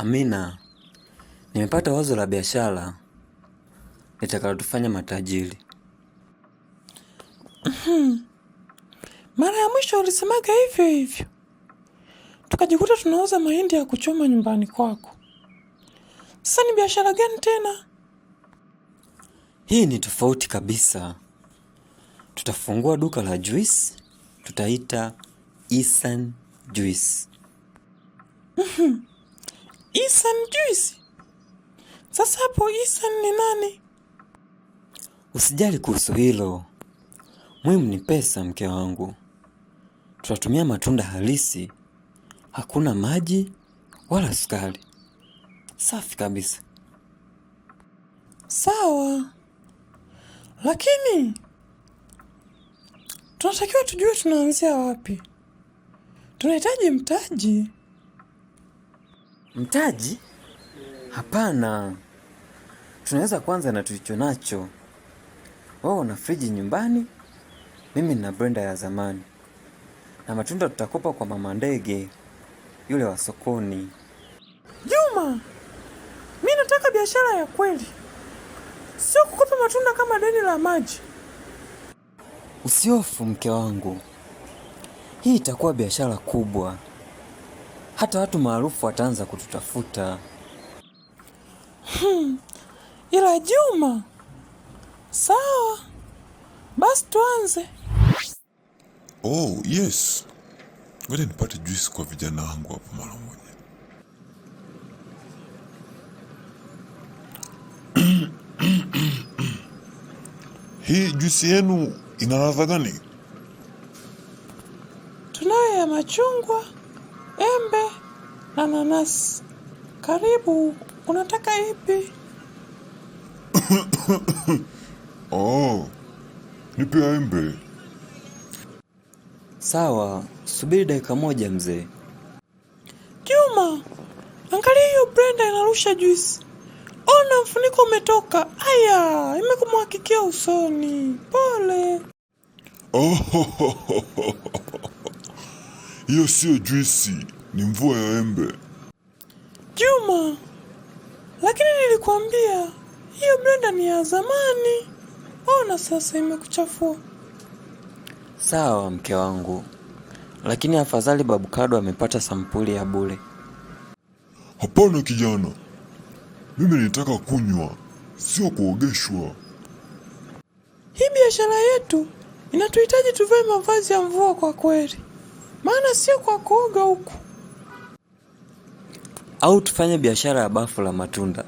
Amina, nimepata wazo la biashara litakalotufanya matajiri. Mhm. Mara ya mwisho ulisemaga hivyo hivyo, tukajikuta tunauza mahindi ya kuchoma nyumbani kwako. Sasa ni biashara gani tena? Hii ni tofauti kabisa. Tutafungua duka la juisi, tutaita Isan Juice. Mhm. Isa mjuisi. Sasa hapo Isa ni nani? Usijali kuhusu hilo, muhimu ni pesa. Mke wangu, tutatumia matunda halisi, hakuna maji wala sukari. Safi kabisa. Sawa, lakini tunatakiwa tujue tunaanzia wapi. Tunahitaji mtaji. Mtaji? Hapana. Tunaweza kwanza na tulicho nacho. Wao wana friji nyumbani, mimi nina blender ya zamani. Na matunda tutakopa kwa mama ndege yule wa sokoni. Juma, mimi nataka biashara ya kweli, sio kukopa matunda kama deni la maji. Usiofu mke wangu, hii itakuwa biashara kubwa hata watu maarufu wataanza kututafuta. Hmm, ila Juma, sawa basi tuanze. Oh yes, ngoja nipate juisi kwa vijana wangu hapo mara moja. Hii juisi yenu ina ladha gani? Tunayo ya machungwa Ananasi. Karibu, unataka ipi? Oh, nipe embe. Sawa, subiri dakika moja mzee. Juma, angalia hiyo Brenda inarusha juisi. Ona mfuniko umetoka. Aya, imekumhakikia usoni. Pole. Oh, hiyo sio siyo juisi ni mvua ya embe. Juma, lakini nilikwambia hiyo blenda ni ya zamani. Ona sasa imekuchafua. Sawa mke wangu, lakini afadhali babu Kado amepata sampuli ya bure. Hapana kijana, mimi nitaka kunywa, sio kuogeshwa. Hii biashara yetu inatuhitaji tuvae mavazi ya mvua kwa kweli, maana sio kwa kuoga huku au tufanye biashara ya bafu la matunda